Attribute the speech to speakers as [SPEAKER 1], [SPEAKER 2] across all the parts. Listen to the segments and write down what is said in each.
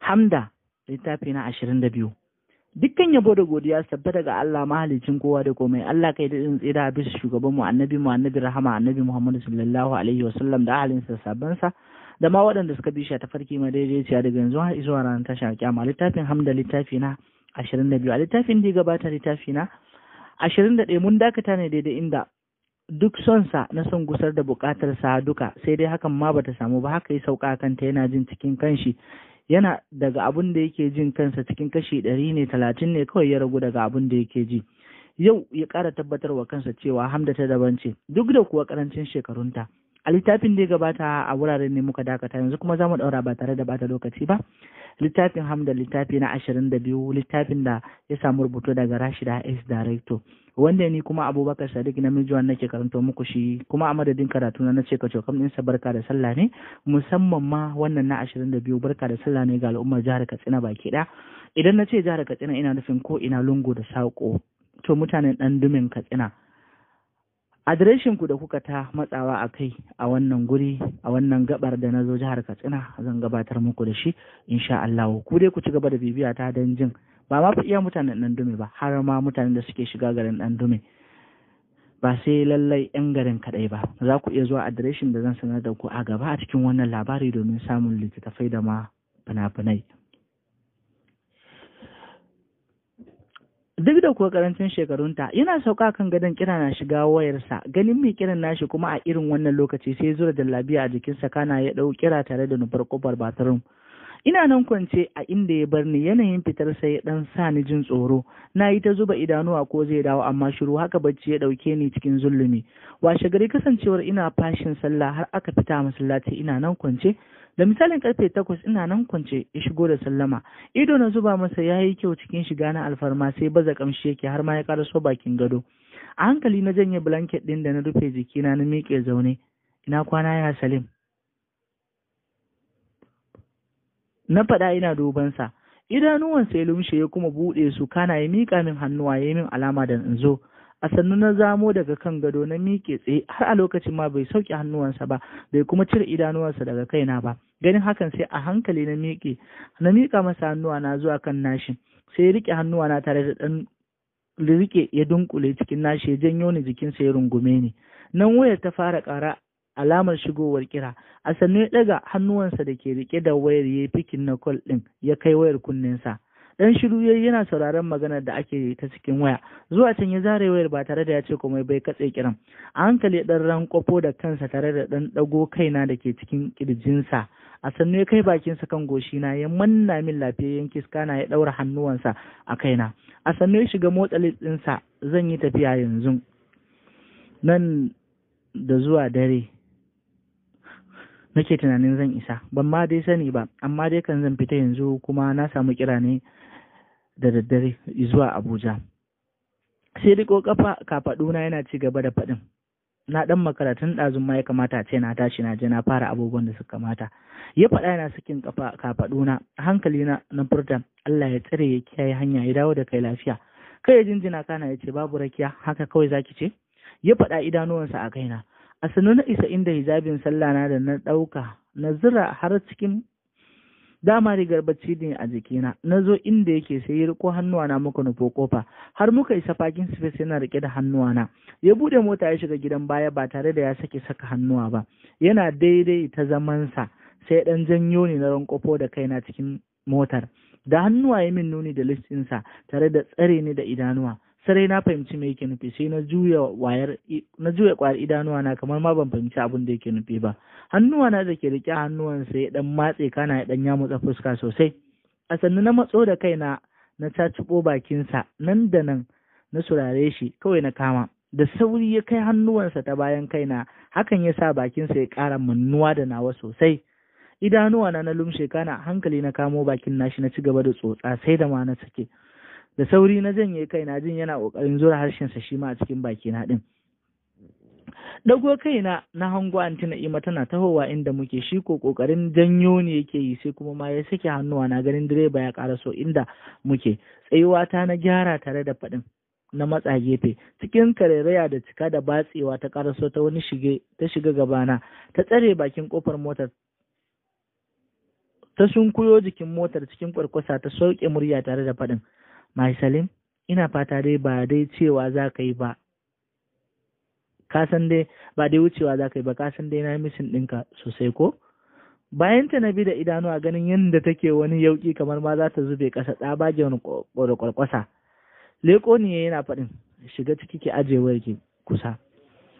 [SPEAKER 1] Hamda littafi na ashirin da biyu. Dukkan yabo da godiya tabbata daga Allah mahalicin kowa da komai Allah kai daɗin tsira bisa shugaban mu annabi mu annabi rahama annabi Muhammadu sallallahu alaihi wasallam da ahalinsa sabansa da ma waɗanda suka bi shi ta farki ma daidaiciya daga yanzu har zuwa ranar a kyama littafin hamda littafi na ashirin da biyu a littafin da gabata littafi na ashirin da ɗaya mun dakata ne daidai inda duk sa na son gusar da buƙatar sa duka sai dai hakan ma bata samu ba haka ya sauka kanta yana jin cikin kanshi yana daga abin da yake jin kansa cikin kashi ɗari ne talatin ne kawai ya ragu daga abin da yake ji yau ya ƙara wa kansa cewa hamda ta daban ce duk da kuwa ƙarancin shekarunta a littafin da ya gabata a wuraren ne muka dakata yanzu kuma za mu ɗaura ba tare da bata lokaci ba littafin hamda littafi na ashirin da biyu littafin da ya samu rubutu daga rashida s director wanda ni kuma abubakar sadiq na mijuwan nake karanto muku shi kuma a madadin karatu na ce kaco kam ɗinsa barka da sallah ne musamman ma wannan na ashirin da biyu barka da sallah ne ga al'ummar jihar katsina baki ɗaya idan na ce jihar katsina ina nufin ko ina lungu da saƙo to mutanen ɗan dumin katsina adireshin ku da kuka ta matsawa a kai a wannan guri a wannan gabar da na zo jihar katsina zan gabatar muku da shi insha Allah ku dai ku ci gaba da bibiya ta don jin ba ma fi iya mutanen dan dume ba har ma mutanen da suke shiga garin dan dume ba sai lallai 'yan garin kaɗai ba za ku iya zuwa adireshin da zan sanar da ku a gaba a cikin wannan labari domin samun littattafai da ma fina-finai. duk da kuwa karancin shekarunta yana sauka kan gadon kira na shiga wayarsa ganin mai kiran nashi kuma a irin wannan lokaci sai zura da labiya a jikinsa kana ya ɗau kira tare da nufar kofar batarin ina nan kwance a inda ya bar ni yanayin fitar sai dan sa ni jin tsoro na yi ta zuba idanuwa ko zai dawo amma shiru haka bacci ya ɗauke ni cikin zulumi washe gari kasancewar ina fashin sallah har aka fita masallaci ina nan kwance da misalin karfe takwas ina nan kwance ya shigo da sallama ido na zuba masa ya yi kyau cikin shiga na alfarma sai baza kamshi yake har ma ya karaso bakin gado a hankali na janye blanket ɗin da na rufe jikina na miƙe zaune ina kwana ya salim na faɗa ina dubansa idanuwansa ya lumshe ya kuma buɗe su kana ya miƙa min hannuwa ya yi min alama da in zo a sannu na zamo daga kan gado na miƙe tsaye har a lokacin ma bai sauke hannuwansa ba bai kuma cire idanuwansa daga kaina ba ganin hakan sai a hankali na miƙe na miƙa masa hannuwa na zuwa kan nashi sai ya riƙe hannuwa na tare da ɗan riƙe ya dunkule cikin nashi ya janyo ni jikinsa ya rungume ni nan wayar ta fara ƙara alamar shigowar kira a sannu ya ɗaga hannuwansa da ke riƙe da wayar ya yi fikin na kol ɗin ya kai wayar kunninsa. dan shiru yayi yana sauraron maganar da ake yi ta cikin waya zuwa can ya zare wayar ba tare da ya ce komai bai katse kiran a hankali dan rankwafo da kansa tare da dan dago kaina da ke cikin kirjinsa a sannu ya kai bakinsa kan goshina ya manna min lafiyayyen kiskana ya daura hannuwansa a kaina a sannu ya shiga motsa litsinsa. zan yi tafiya yanzu nan da zuwa dare nake tunanin zan isa ban ma dai sani ba amma dai kan zan fita yanzu kuma na samu kira ne da daddare zuwa Abuja. Sai riko kafa kafaɗuna yana ci gaba da faɗin. Na ɗan makaratun ɗazun ma ya kamata ce na tashi na je na fara abubuwan da suka kamata. Ya faɗa yana sakin kafa kafaɗuna hankali na na furta Allah ya tsare ya kiyaye hanya ya dawo da kai lafiya. Kai ya jinjina kana ya ce babu rakiya haka kawai zaki ce? Ya faɗa idanuwansa a kaina. A sanu na isa inda hijabin sallah na da na ɗauka na zira har cikin dama rigar bacci ne a jikina na zo inda yake sai ya riko hannuwana muka nufo kofa har muka isa fakin space yana rike da na. ya bude mota ya shiga gidan baya ba tare da ya sake saka hannuwa ba yana daidai ta zamansa sai dan janyo ni na ran rankofo da kaina cikin motar da hannuwa ya min nuni da listinsa tare da tsare ni da idanuwa sarai na fahimci me yake nufi sai na juya wayar na juya kwar idanuwa na kamar ma ban fahimci abin da yake nufi ba hannuwa na da ke rike hannuwan sai dan matse kana ya dan ya motsa fuska sosai a sannu na matso da kaina na cacibo bakinsa nan da nan na surare shi kawai na kama da sauri ya kai hannuwansa ta bayan kaina hakan ya sa bakinsa ya ƙara mannuwa da nawa sosai idanuwa na na lumshe kana hankali na kamo bakin nashi na ci gaba da tsotsa sai da ma na sake da sauri na janye na jin yana ƙoƙarin zura harshensa shi ma a cikin baki na ɗin. Dago kaina na hango anti na'ima tana tahowa inda muke shi ko ƙoƙarin janyo ne yake yi sai kuma ma ya sake hannuwa na ganin direba ya ƙara so inda muke tsayuwa ta na gyara tare da faɗin na matsa gefe cikin karairaya da cika da batsewa ta so ta wani shige ta shiga gabana ta tsare bakin ƙofar motar ta sunkuyo jikin motar cikin kwarkwasa ta sauke murya tare da faɗin Mai Salim, ina fata dai ba dai cewa za ka yi ba. Ka san dai ba dai wucewa za ka yi ba, ka san dai na mishin ɗinka sosai ko? Bayan ta na bi da idanu a ganin yadda take wani yauki kamar ma za ta zube ƙasa tsabage wani ƙwarƙwasa. Leko ne yana faɗin, shiga ciki ke ajewar ki kusa.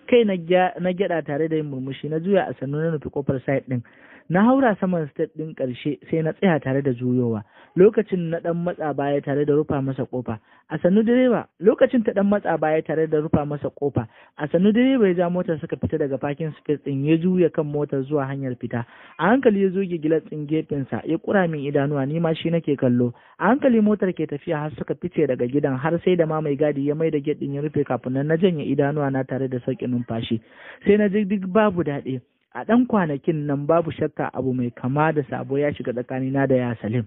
[SPEAKER 1] Kai na gyaɗa tare da yin murmushi na juya a sannu na nufi ƙofar side ɗin. Na haura saman step ɗin ƙarshe sai na tsaya tare da juyowa. Lokacin na ɗan matsa baya tare da rufa masa ƙofa. A sannu direba, lokacin ta ɗan matsa baya tare da rufa masa ƙofa. A sannu direba ya ja motar suka fita daga parking space ɗin ya juya kan motar zuwa hanyar fita. A hankali ya zo gigilar gefen sa ya kura min idanuwa ni ma shi nake kallo. A hankali motar ke tafiya har suka fice daga gidan har sai da ma mai gadi ya mai da gate ɗin ya rufe kafin nan na janye idanuwa na tare da sauƙin numfashi. Sai na ji babu daɗi. a ɗan kwanakin nan babu shakka abu mai kama da sabo ya shiga tsakanina da yasalim. salim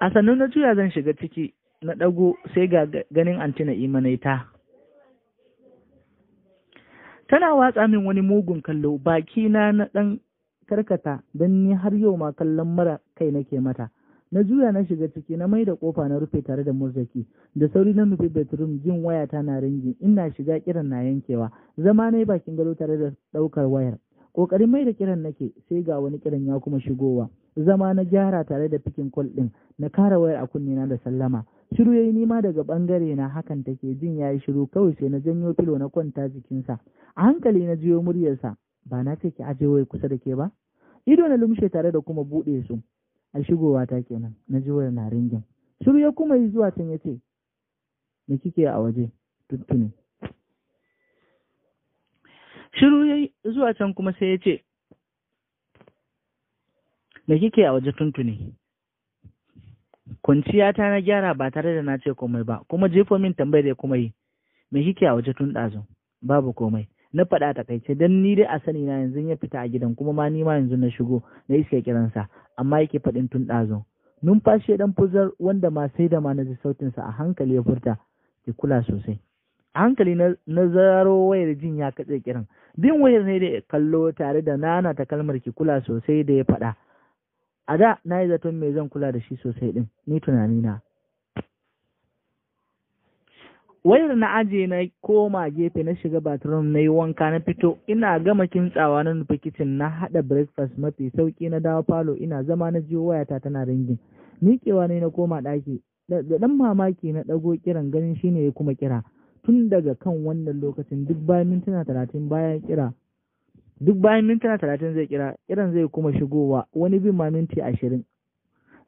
[SPEAKER 1] a sannan na juya zan shiga ciki na ɗago sai ga ganin antina imanaita tana watsa min wani mugun kallo baki na na ɗan karkata don ni har yau ma kallon mara kai nake mata na juya na shiga ciki na mai da kofa na rufe tare da murzaki da sauri na nufi bedroom jin waya ta na ringin ina shiga kiran na yankewa zama na yi bakin gado tare da ɗaukar wayar kokarin mai da kiran nake sai ga wani kiran ya kuma shigowa zama na gyara tare da fikin kol din, na kara wayar a kunne na da sallama shiru yayi nima daga bangare na hakan take jin yayi shiru kawai sai na janyo filo na kwanta jikinsa a hankali na jiyo muryarsa ba na ce ki aje wai kusa da ke ba ido na lumshe tare da kuma buɗe su a shigowa ta kenan na ji wayar na ringin shiru ya kuma yi zuwa can ya ce me kike a waje tuntuni shiru ya yi zuwa can kuma sai ya ce me kike a waje tuntuni kwanciya ta na gyara ba tare da na ce komai ba kuma jefo min tambayar ya kuma yi me kike a waje tun ɗazu babu komai na faɗa takaice dan ni dai a sani na yanzu ya fita a gidan kuma ma ni ma yanzu na shigo na iska kiransa amma yake faɗin tun ɗazon. numfashi ya dan fuzar wanda ma sai da ma na ji sautin sa a hankali ya furta ki kula sosai a hankali na zaro wayar jin ya katse kiran bin wayar ne da kallo tare da nana ta kalmar ki kula sosai da ya faɗa a da na yi zaton me zan kula da shi sosai din ni tunanina wayar na aje na koma gefe na shiga bathroom na yi wanka na fito ina gama kintsawa na nufi kicin na haɗa breakfast mafi sauki na dawo falo ina zama na jiyo wayata tana ringin miƙewa ne na koma ɗaki da ɗan mamaki na ɗago kiran ganin shine ya kuma kira tun daga kan wannan lokacin duk bayan mintuna talatin bayan kira duk bayan mintuna talatin zai kira kiran zai kuma shigowa wani bin ma minti ashirin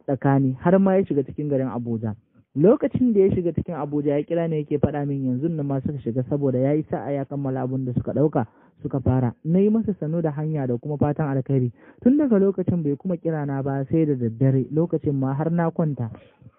[SPEAKER 1] tsakani har ma ya shiga cikin garin abuja lokacin da ya shiga cikin abuja ya kira ne yake faɗa min yanzu na ma suka shiga saboda ya yi sa'a ya kammala abin da suka ɗauka suka fara na yi masa sanu da hanya da kuma fatan alkhairi tun daga lokacin bai kuma kira na ba sai da daddare lokacin ma har na kwanta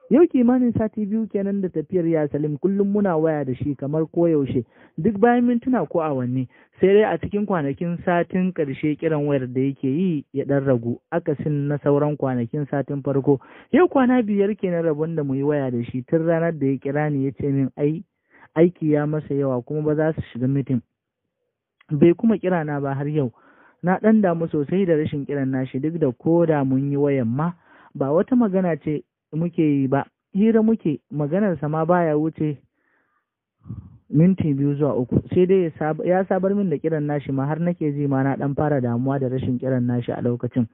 [SPEAKER 1] Yau kimanin sati biyu kenan da tafiyar ya Salim kullum muna waya da shi kamar koyaushe duk bayan mintuna ko awanni sai dai a cikin kwanakin satin karshe kiran wayar da yake yi ya dan ragu akasin na sauran kwanakin satin farko yau kwana biyar kenan rabon da muyi waya da shi tun ranar da ya kira ni ya ce min ai aiki ya masa yawa kuma ba za su shiga mitin bai kuma kira na ba har yau na ɗan damu sosai da rashin kiran nashi duk da ko da mun yi wayan ma ba wata magana ce muke yi ba hira muke maganar ma baya wuce minti biyu zuwa uku sai dai ya sabar min da kiran nashi ma har nake ji ma na dan fara damuwa da rashin kiran nashi a lokacin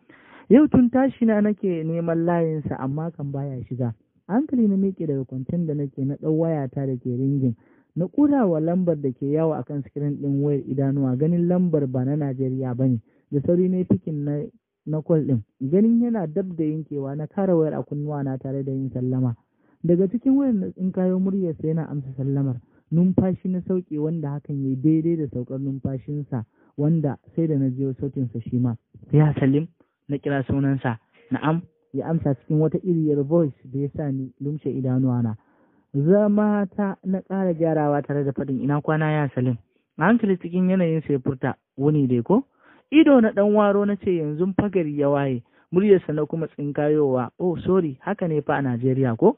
[SPEAKER 1] yau tun tashi na nake neman layinsa amma kan baya shiga hankali na miƙe daga kwancin da nake na ɗau ta da ke ringin na ƙura wa lambar da ke yawo akan sikirin ɗin wayar idanuwa ganin lambar ba na Najeriya ba ne da sauri ne fikin na na kwal ɗin ganin yana dab da yankewa na kara wayar a kunnuwa na tare da yin sallama daga cikin wayar na muryarsa yana amsa sallamar numfashi na sauke wanda hakan ya daidai da saukar numfashinsa wanda sai da na jiyo sautinsa shi ma ya salim na kira sunansa na'am ya amsa cikin wata iriyar voice da ya sa ni lumshe na. zama ta na ƙara gyarawa tare da faɗin ina kwana ya salim a hankali cikin yanayin sai furta wuni dai ko ido na ɗan waro na ce yanzu fagari ya waye muryarsa na kuma tsinkayowa oh sorry haka ne fa a Najeriya ko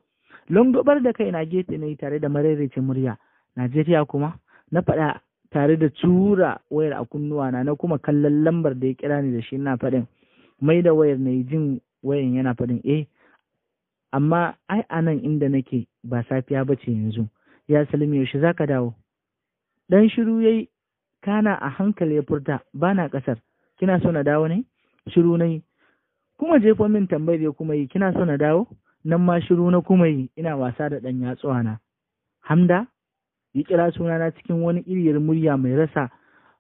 [SPEAKER 1] longobar da kai na gefe ne tare da marairicin murya Najeriya kuma na faɗa tare da tura wayar a kunnuwa na na kuma kallon lambar da ya kira ni da shi na faɗin mai da wayar na jin wayan yana faɗin eh amma ai a nan inda nake ba safiya bace yanzu ya salim yaushe zaka dawo dan shiru yayi kana a hankali ya furta bana na ƙasar kina so na dawo ne shiru na yi kuma jefon min tambayar ya kuma yi kina so na dawo nan ma shiru na kuma yi ina wasa da ɗan yatsuwa na hamda ya kira na cikin wani iriyar murya mai rasa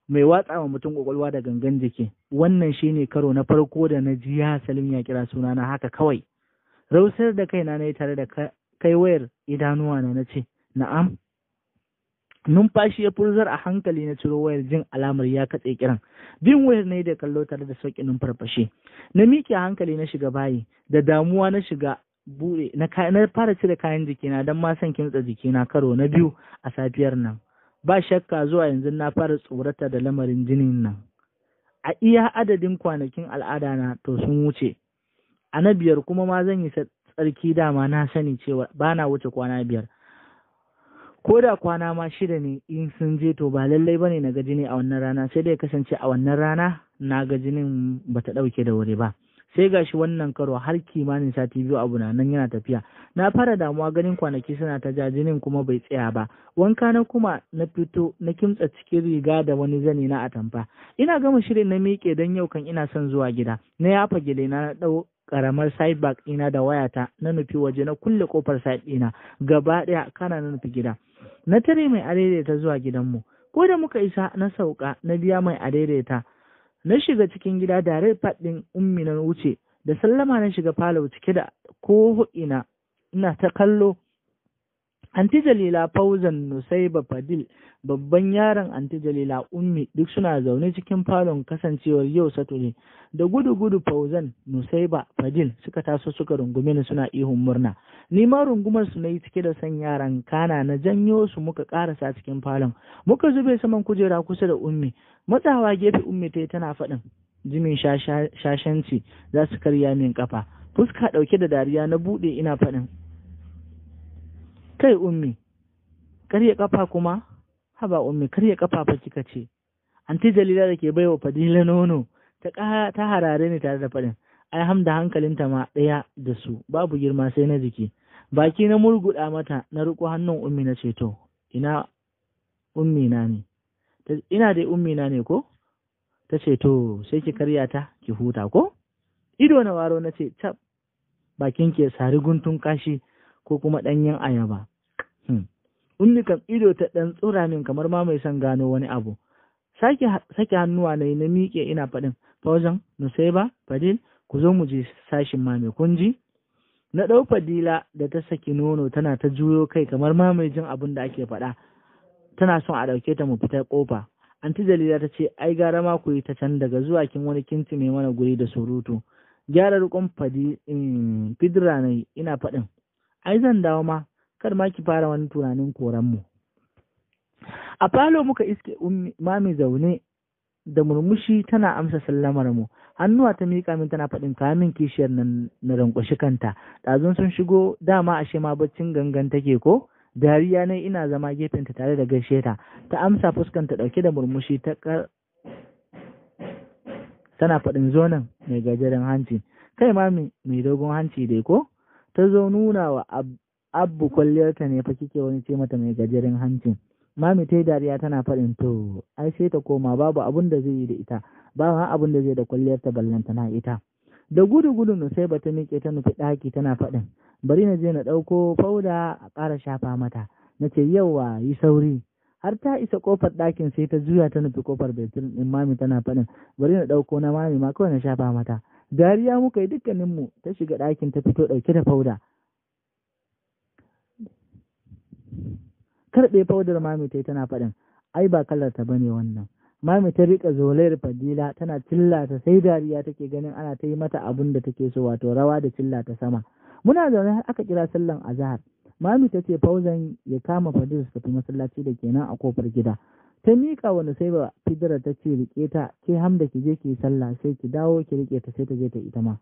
[SPEAKER 1] mai watsa wa mutum kwakwalwa da gangan jiki wannan shine karo na farko da na ji ya salim ya kira sunana haka kawai rausar da kaina na yi tare da kaiwayar idanuwa na na ce na'am numfashi ya furzar a hankali na ciro wayar jin alamar ya katse kiran bin wayar ne da kallo tare da sauki numfarfashe na miƙe hankali na shiga bayi da damuwa na shiga bude na fara cire kayan jikina don ma son kintsa jikina karo na biyu a safiyar nan ba shakka zuwa yanzu na fara tsorata da lamarin jinin nan a iya adadin kwanakin al'ada na to sun wuce a na biyar kuma ma zan yi tsarki dama na sani cewa bana wuce kwana biyar ko da kwana ma shida ne in sun je to ba lallai bane na ga jini a wannan rana sai dai kasance a wannan rana na ga jinin bata dauke da wuri ba sai gashi wannan karo har kimanin sati biyu abu na nan yana tafiya na fara damuwa ganin kwanaki suna ta ja jinin kuma bai tsaya ba wanka na kuma na fito na kimtsa cikin riga da wani zani na atamfa ina gama shirin na miƙe don yau kan ina son zuwa gida na yafa gele na dau karamar side bag ina da wayata na nufi waje na kulle kofar side ɗina gaba ɗaya kana na nufi gida na tare mai adaidaita zuwa gidanmu ko da muka isa na sauka na biya mai adaidaita na shiga cikin gida da rai faɗin ummi wuce da sallama na shiga falo cike da ko ina ina ta kallo Anti Jalila Fauzan Nusaiba Fadil babban yaron Anti Jalila Ummi duk suna zaune cikin falon kasancewar yau satuni da gudu gudu Fauzan Nusaiba Fadil suka taso suka rungume ni suna ihun murna ni ma rungumar su nayi cike da san yaran kana na janyo su muka karasa cikin falon muka zube saman kujera kusa da Ummi matsawa gefe Ummi tayi tana faɗin jimin shashanci za su karya min kafa fuska ɗauke da dariya na buɗe ina faɗin kai ummi karya kafa kuma haba ummi karya kafa fa kika ce anti jalila da ke baiwa fadila nono ta ta harare ne tare da fadin ai hamda hankalinta ma ɗaya da su babu girma sai na jiki baki na murguɗa mata na riko hannun ummi na ce to ina ummi na ne ina dai ummi na ne ko ta ce to sai ki karya ta ki huta ko ido na waro na ce tab bakin ke sari guntun kashi ko kuma ɗanyen ayaba. Hmm. Ummi kam ido ta ɗan tsura min kamar ma mai son gano wani abu. Sake hannuwa na na miƙe ina faɗin, Fauzan, Nusaiba, Fadil, ku zo mu je sashin ma mai kunji. Na ɗau Fadila da ta saki nono tana ta juyo kai kamar ma mai jin abin da ake faɗa. Tana son a ɗauke ta mu fita ƙofa. Anti Jalila ta ce, ai gara ma ku yi ta can daga zuwa kin wani kinti mai mana guri da surutu. Gyara riƙon hmm, Fidira na ina faɗin. ai zan dawo ma kar ma ki fara wani tunanin koran mu a falo muka iske mami zaune da murmushi tana amsa sallamar mu hannuwa ta mika min tana faɗin kamin kishiyar nan na rankwashi kanta ɗazun sun shigo dama ashe ma baccin gangan take ko dariya ne ina zama gefenta tare da gaishe ta ta amsa fuskanta ɗauke da murmushi ta kar tana faɗin zonan mai gajeren hanci kai ma mai dogon hanci dai ko ta zo nuna wa abu kwalliyarta ne fa kike wani ce mata mai gajeren hanci. mami ta dariya tana faɗin to ai sai ta koma babu abun da zai yi da ita ba ma abun da zai da kwalliyarta ballanta na ita da gudu gudu na sai bata miƙe ta nufi ɗaki tana faɗin bari na je na ɗauko fauda a ƙara shafa mata na ce yauwa yi sauri har ta isa kofar ɗakin sai ta juya ta nufi kofar bedroom ɗin mami tana faɗin bari na ɗauko na mami ma kawai na shafa mata dariya muka yi dukkaninmu ta shiga ɗakin ta fito ɗauke da fauda karɓe faudar mami tana faɗin ai ba kalar ta bane wannan mami ta riƙa zolayar fadila tana cillata sai dariya take ganin ana ta yi mata abin da take so wato rawa da cilla ta sama muna zaune har aka kira sallan azahar mami ta ce fauzan ya kama fadila su tafi masallaci da kenan a kofar gida ta miƙa wani sai ba fidira ta ce riƙe ta ke hamda ki je ki sallah sai ki dawo ki riƙe ta sai ta je ta ita ma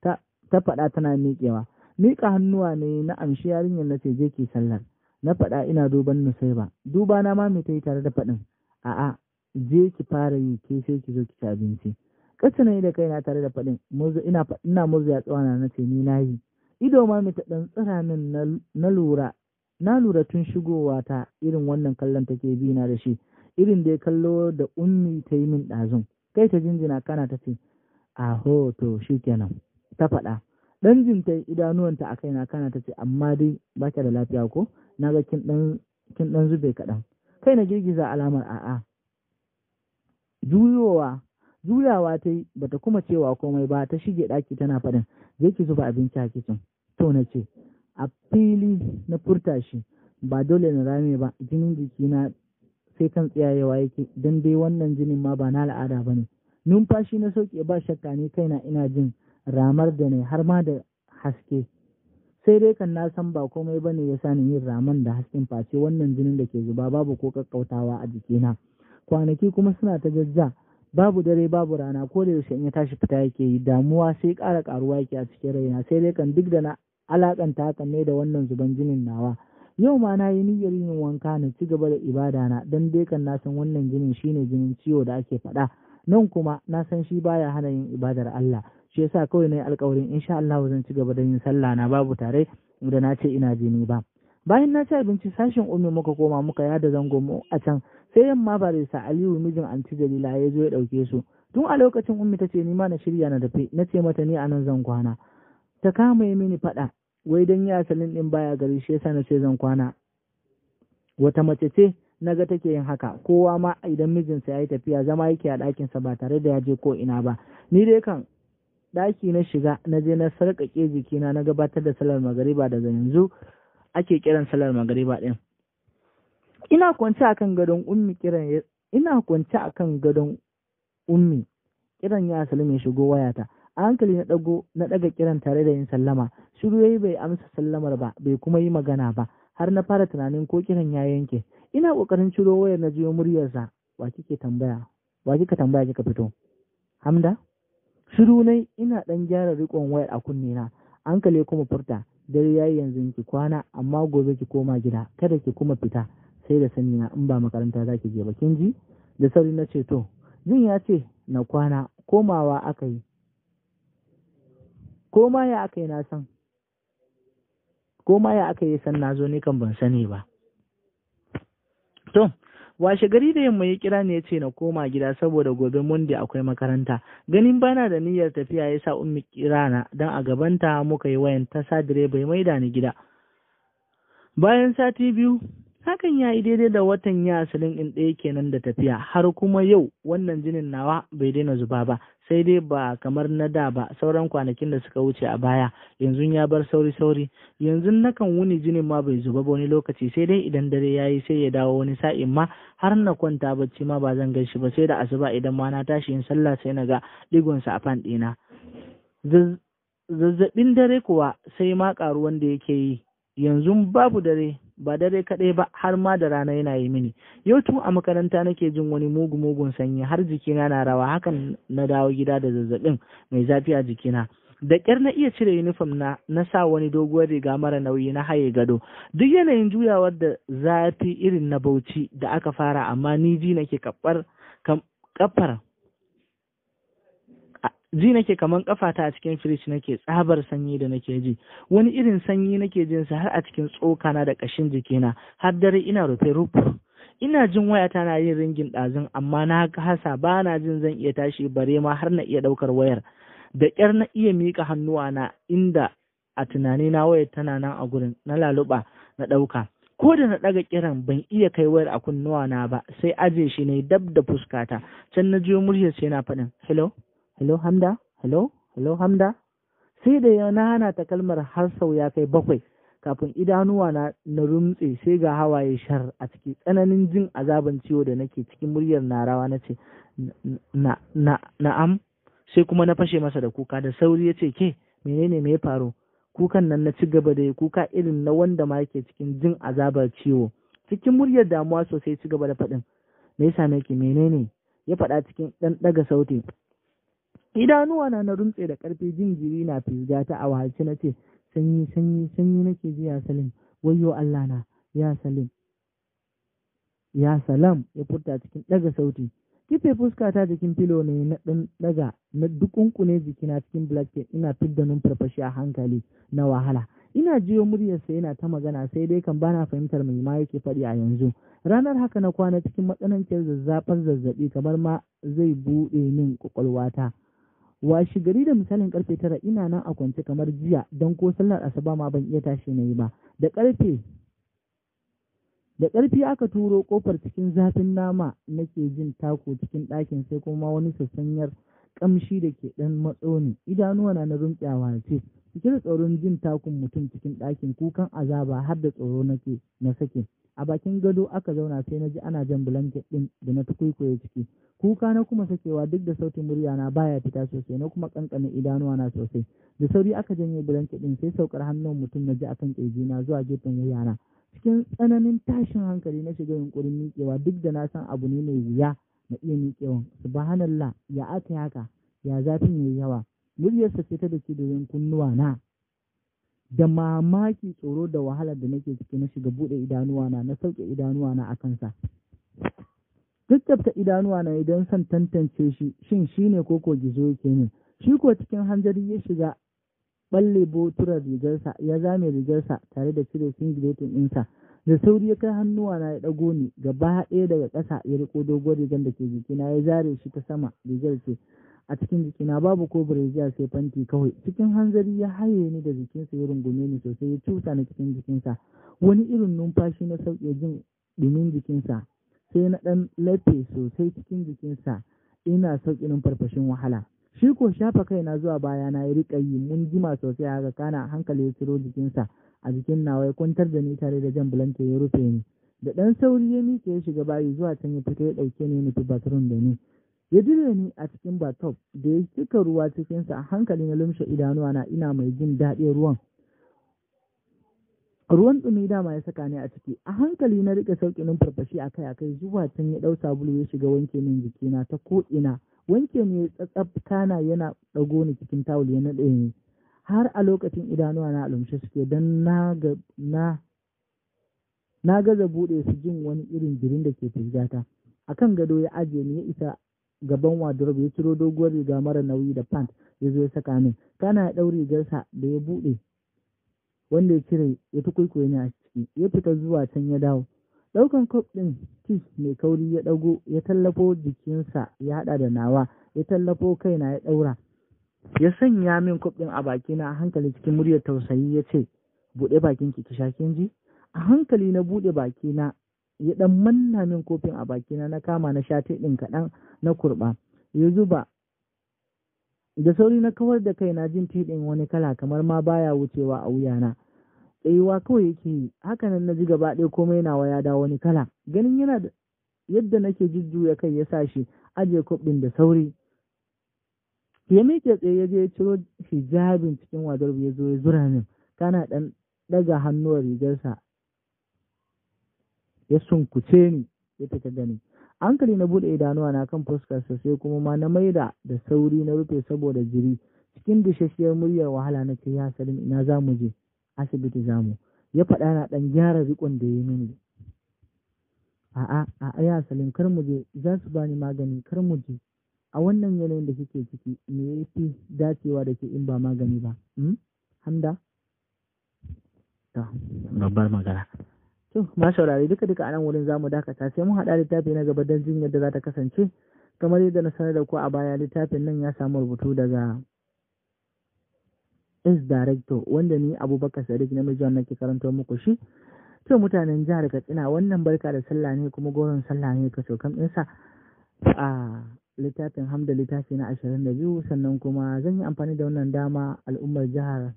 [SPEAKER 1] ta faɗa tana miƙewa miƙa hannuwa ne na amshi yarinyar na ce je ki sallar na faɗa ina duban nusaiba duba na ma me ta yi tare da faɗin a'a je ki fara yi ke sai ki zo ki ci abinci ƙasa na yi da na tare da faɗin ina ina ya tsawana na ce ni na yi ido ma mai ta ɗan tsira min na lura na lura tun shigowa ta irin wannan kallon take bi na da shi irin da ya kallo da ummi ta yi min ɗazun kai ta jinjina kana ta ce a to shi kenan ta faɗa ɗan jinta idanuwanta a kaina kana ta ce amma dai ba da lafiya ko na ga kin ɗan zube kaɗan kai na girgiza alamar a'a juyowa juyawa ta yi bata kuma cewa komai ba ta shige ɗaki tana faɗin je ki zuba abinci a kicin to na ce a fili na furta shi ba dole na rame ba jinin na. sai kan tsayayewa yake don dai wannan jinin ma ba na al'ada ba ne numfashi na sauke ba shakka ni kaina ina jin ramar da ne har ma da haske sai dai kan na san ba komai ba ne ya sa ni yin raman da hasken face wannan jinin da ke zuba babu ko kakkautawa a jikina kwanaki kuma suna ta jajja babu dare babu rana ko da yaushe in ya tashi fita yake yi damuwa sai kara ƙaruwa yake a cikin raina sai dai kan duk da na alakanta hakan ne da wannan zuban jinin nawa yau ma na yi niyyar yin wanka na ci gaba da ibada na dan dai kan na san wannan jinin shine jinin ciwo da ake faɗa nan kuma na san shi baya hana yin ibadar Allah shi yasa kawai na yi alƙawarin insha Allah zan ci gaba da yin sallah na babu tare da na ce ina jini ba bayan na ci abinci sashen Ummi muka koma muka yada zango mu a can sai yamma barisa Aliyu mijin anti Jalila ya zo ya ɗauke su tun a lokacin ummi ta ce ni ma na shirya na dafe na ce mata ni a nan zan kwana ta kama mini faɗa wai don yi asalin ɗin baya gari shi yasa na ce zan kwana wata mace ce na ga take yin haka kowa ma idan mijinsa ya yi tafiya zama yake a ɗakinsa ba tare da ya je ko ina ba ni dai kan ɗaki na shiga na je na sarƙaƙe jikina na gabatar da salar magariba daga yanzu ake kiran salar magariba ɗin ina kwance akan gadon ummi kiran ina kwance akan gadon ummi kiran ya asali ya shigo wayata a hankali na ɗago na ɗaga kiran tare da yin sallama shiru yayi bai amsa sallamar ba bai kuma yi magana ba har na fara tunanin ko kiran ya yanke ina kokarin ciro wayar na jiyo muryarsa wa kike tambaya wa kika tambaya kika fito hamda shiru nai ina ɗan gyara rikon wayar a kunne na hankali kuma furta dare yayi yanzu ki kwana amma gobe ki koma gida kada ki kuma fita sai da sani na in ba makaranta za ki je ba kin ji da sauri na ce to jin ya ce na kwana komawa aka yi ko ya aka yi na san ko ma ya aka yi san na zo ne kan ban sani ba to washe gari da yamma ya kira ne ya ce na koma gida saboda gobe Monday akwai makaranta. Ganin bana da niyyar tafiya ya sa ummi na, don a gabanta muka yi wayan ta sa direba mai maida ni gida. Bayan sati biyu hakan ya yi daidai da watan ya asalin in ɗaya kenan da tafiya har kuma yau wannan jinin nawa bai daina zuba ba sai dai ba kamar na da ba sauran kwanakin da suka wuce a baya yanzu ya bar sauri sauri yanzu nakan wuni jinin ma bai zuba ba wani lokaci sai dai idan dare ya yi sai ya dawo wani sa'in ma har na kwanta bacci ma ba zan gan ba sai da asuba idan ma na tashi in sallah sai na ga ɗigonsa a fan ɗina zazzabin dare kuwa sai ma ƙaruwan da yake yi yanzu babu dare ba dare kaɗai ba har ma da rana yana yi mini yau tun a makaranta nake jin wani mugu mugun sanyi har jikina na rawa hakan na dawo gida da zazzabin mai zafi a jikina da ƙyar na iya cire yunifom na na sa wani doguwar riga mara nauyi na haye gado duk yanayin juyawar da zafi irin na bauchi da aka fara amma ni ji nake kafar ji nake kaman kafata a cikin firij nake tsabar sanyi da nake ji wani irin sanyi nake jin sa har a cikin tsokana da kashin jikina har dare ina rufe rufe ina jin wayata na yin ringin ɗazun amma na kasa ba na jin zan iya tashi bare ma har na iya ɗaukar wayar da kyar na iya mika hannuwa na inda a tunani na wayar tana nan a gurin na laluba na ɗauka ko da na ɗaga kiran ban iya kai wayar a kunnuwa na ba sai aje shi ne dab da fuskata can na jiyo muryar sai na faɗin hello hello hamda hello hello hamda sai da na hana ta kalmar har sau ya kai bakwai kafin idanuwa na na rumtse sai ga hawaye shar a ciki tsananin jin azaban ciwo da nake cikin muryar narawa na ce na'am sai kuma na fashe masa da kuka da sauri ya ce ke menene me ya faru kukan nan na ci gaba da kuka irin na wanda ma yake cikin jin azabar ciwo cikin muryar damuwa sosai ci gaba da faɗin me yasa nake menene ya faɗa cikin ɗan ɗaga sauti idanuwa na na rumtse da karfe jinjiri na fisga ta a wahalci na ce sanyi sanyi sanyi nake ji ya salim wayo Allah na ya salim ya salam ya furta cikin daga sauti kife fuska ta jikin filo ne na ɗan ɗaga na dukunkune jikina cikin blanket ina fidda numfarfashi a hankali na wahala ina jiyo muryarsa yana ta magana sai dai kan bana fahimtar mai ma yake faɗi a yanzu ranar haka na kwana cikin matsananciyar zazzafar zazzabi kamar ma zai buɗe min ƙwaƙwalwata washi gari da misalin karfe tara ina nan a kwance kamar jiya don ko sallar asuba ma ban iya tashi na yi ba da karfe da ƙarfi aka turo ƙofar cikin zafin nama nake jin tako cikin ɗakin sai kuma wani sassanyar ƙamshi da ke ɗan matsoni idanuwa na rumtsawa ce cike da tsoron jin takun mutum cikin ɗakin kukan azaba har da tsoro nake na sake a bakin gado aka zauna sai na ji ana jan blanket ɗin da na tukwaikwaye ciki kuka na kuma sakewa duk da sautin murya na baya fita sosai na kuma kankana idanuwa na sosai da sauri aka janye blanket ɗin sai saukar hannun mutum na ji akan kirji na zuwa gefen wuya na cikin tsananin tashin hankali na shiga yunkurin miƙewa duk da na san abu ne mai wuya na iya miƙewa subhanallah ya aka haka ya zafin yayi yawa muryarsa ce ta dake da yankunnuwa na da mamaki tsoro da wahalar da nake ciki na shiga buɗe idanuwa na na sauke idanuwa na a kansa dukkanta idanuwa na idan son tantance shi shin shi ne ko ko gizo yake ne shi ko cikin hanzari ya shiga balle boturar rigarsa ya zame rigarsa tare da cire singiletin ɗinsa da sauri ya kai hannuwa na ya ɗago ni gaba ɗaya daga ƙasa ya riko dogon rigar da ke jikina ya zare shi ta sama rigar ce a cikin jikina babu ko burejiya sai fanti kawai cikin hanzari ya haye ni da jikinsa ya rungume ni sosai ya cusa na cikin jikinsa wani irin numfashi na sauke jin ɗumin jikinsa sai na ɗan lafe sosai cikin jikinsa ina sauƙinin farfashin wahala shi ko shafa kai na zuwa baya na ya riƙa yi mun jima sosai haka kana hankali ya ciro jikinsa a jikin nawa ya kwantar da ni tare da jan bulanke ya rufe ni da ɗan sauri ya miƙe ya shiga bayi zuwa can ya fita ya ɗauke ni ya nufi bathroom da ni ya dire ni a cikin batop da ya cika ruwa cikinsa a hankali na lumshe idanuwa na ina mai jin daɗin ruwan ruwan ɗumi dama ya saka ni a ciki a hankali na riƙe sauƙinin farfashi a kai a kai zuwa can ya ɗau sabulu ya shiga wanke min jikina ta ko ina wanke ni ya tsatsaf kana yana ɗago ni cikin tawul ya naɗe ni har a lokacin idanuwa na lumshe suke don na na na gaza buɗe su jin wani irin jirin da ke firgata kan gado ya ajiye ni ya isa gaban wardrobe ya ciro doguwar riga mara nauyi da pant ya zo ya saka min kana ya ɗau rigarsa da ya buɗe wanda ya cire ya kwaikwayo ni a ciki ya fita zuwa can ya dawo ɗaukan kwaf ɗin tish mai kauri ya ɗago ya tallafo jikinsa ya haɗa da nawa ya tallafo kaina ya ɗaura ya sanya min kwaf ɗin a bakina a hankali cikin muryar tausayi ya ce buɗe bakin ki ki sha kin ji a hankali na buɗe bakina ya ɗan manna min kofin a bakina na kama na sha ɗin kaɗan na kurɓa ya zuba da sauri na kawar da kai na jin tiɗin wani kala kamar ma baya wucewa a wuyana tsayuwa kawai yake yi haka na ji gaba ɗaya komai nawa waya dawo wani kala ganin yana da yadda nake jujjuya kai ya sa shi ajiye kwaf da sauri ya miƙe tsaye ya je ya ciro hijabin cikin wadarbu ya zo ya zura min kana ɗan ɗaga hannuwar rigarsa ya sunkuce ni ya fita gani hankali na buɗe idanuwa na kan sa sai kuma ma na maida da sauri na rufe saboda jiri cikin dishashiyar muryar wahala na ce ya ina za mu je asibiti za mu ya faɗa na ɗan gyara riƙon da ya yi mini a'a a'a ya salim kar mu je za su bani magani kar mu je a wannan yanayin da kike ciki me ya fi dacewa da ke in ba magani ba hmm? hamda to babbar magana to ma saurare duka duka anan wurin zamu dakata sai mun haɗa littafi na gaba don jin yadda za ta kasance kamar yadda na sanar da ku a baya littafin nan ya samu rubutu daga is director wanda ni abubakar sadiq na mijiyon nake karanta muku shi to mutanen jihar katsina wannan barka da sallah ne kuma goron sallah ne ka sokan insa a littafin hamda littafi na ashirin da biyu sannan kuma zan yi amfani da wannan dama al'ummar jihar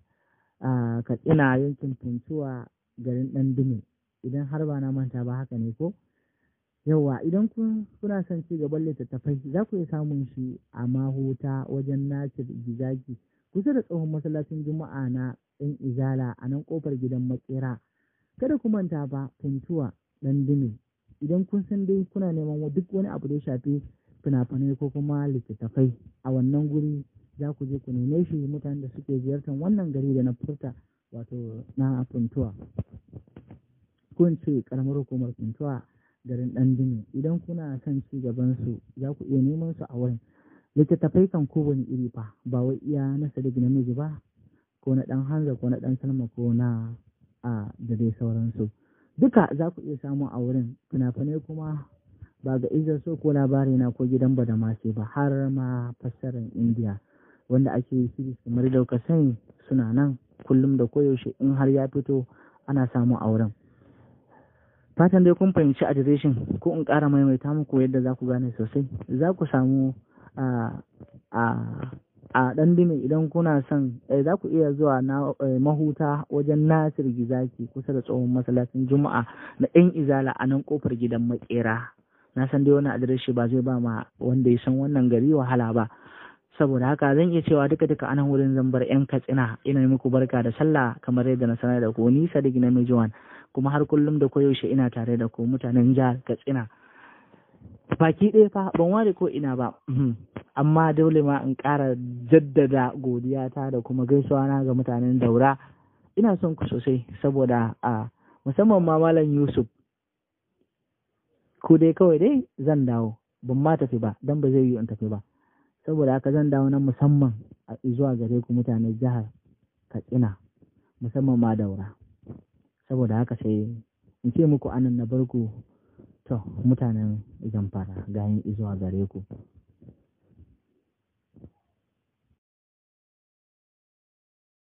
[SPEAKER 1] katsina yankin tuntuwa garin ɗan dume idan har ba na manta ba haka ne ko yawa idan kun kuna son ci gaban littattafai za ku iya samun shi a mahuta wajen nasir gizaki kusa da tsohon masallacin juma'a na ɗan izala a nan kofar gidan maƙera, kada ku manta ba kuntuwa ɗan dumi idan kun san dai kuna neman duk wani abu da ya shafi fina-finai ko kuma littattafai a wannan guri za ku je ku neme shi mutanen da suke ziyartar wannan gari da na furta wato na puntuwa ko ce karamar hukumar Funtuwa garin jini. idan kuna son ci gaban su za ku iya neman su a wurin littattafai kan ko wani iri fa ba wai iya na sadiq namiji ba ko na ɗan hanza ko na ɗan salma ko na a da dai sauransu duka za ku iya samu a wurin fina-finai kuma ba ga izar so ko labari na ko gidan ba da badamace ba har ma fassarar indiya wanda ake yi shiri kamar daukar sani suna nan kullum da koyaushe in har ya fito ana samu a wurin fatan dai kun fahimci adireshin ko in ƙara maimaita muku yadda za ku gane sosai za ku samu a ɗan dini idan kuna son eh, za ku iya zuwa na eh, mahuta wajen nasir gizaki kusa da tsohon masallacin juma'a na 'yan izala a nan ƙofar gidan makera na san dai wani adireshi ba zai ba ma wanda ya san wannan gari wahala ba saboda haka zan iya cewa duka duka anan wurin zambar yan katsina ina muku barka da sallah kamar yadda na sanar da ku ni sadiq na mijuwan kuma har kullum da koyaushe ina tare da ku mutanen jihar katsina baki ɗaya fa ban ware ko ina ba hmm. amma dole ma in ƙara jaddada godiyata da kuma gaisuwa na ga mutanen daura ina son ku sosai saboda a musamman ma malam yusuf ku dai kawai dai zan dawo ban ma tafi ba dan ba zai yi in tafi ba saboda haka zan dawo na musamman a zuwa gare ku mutanen jihar Katsina musamman ma daura saboda haka sai in ce muku anan na barku to mutanen zamfara gayan zuwa gare ku